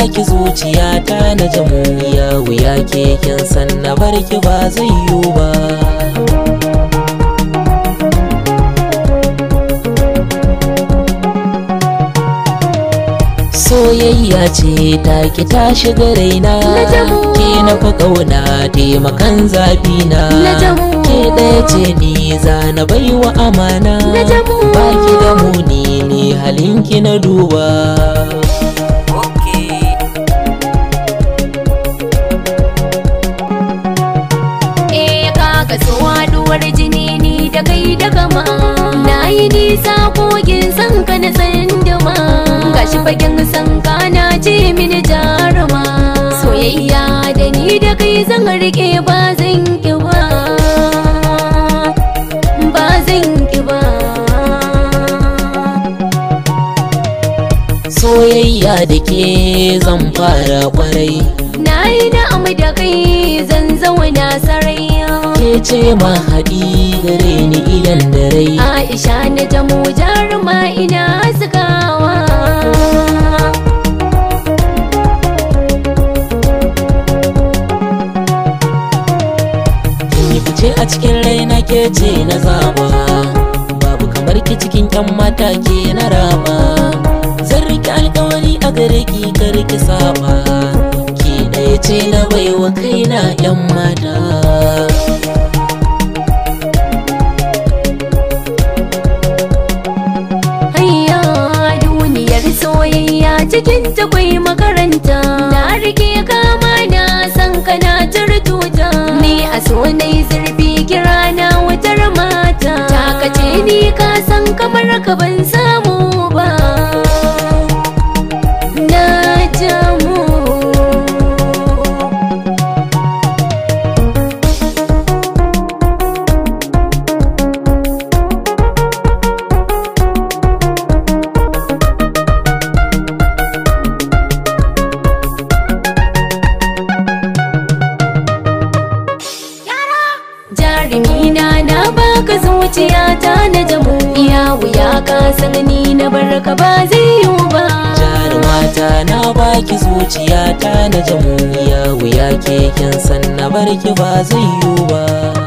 baki zuciya ta na jamuniya wuya ke kin san na barki ba zai yiwu ba soyayya ce ta ki ta shiga raina ke na fa kauna taimakan zafi na ke ɗaya ce ni za na baiwa amana baki da muni ni halinki na duba dama na yi nisa kogin san ka na tsinduma gashi fagen san ka na ce mini jaruma soyayya da ni da kai zan rike ba zan ki ba ba zan ki ba soyayya da ke zan fara kwarai na yi na'am da kai zan zauna sarai ce ma haɗi gare ni idan da rai Aisha na jamo jaruma ina sukawa fice a cikin raina ke ce na zaba babu kamar ki cikin yan mata ke na raba. zan riƙe alƙawari a gare ki kar ki saba Ke ɗaya ce na baiwa kaina yan mata cikin ta kwai makaranta na rike kama na san kana tartuta ni a so zurfi kira na wutar mata ta kace ni ka san kamar ka ban san Ina na baka zuciya ta na jamu iya wuya ka sanani na barka ba zai yiwu ba jarumata na baki zuciya ta na jamu iya wuya keken san na barki ba zai yiwu ba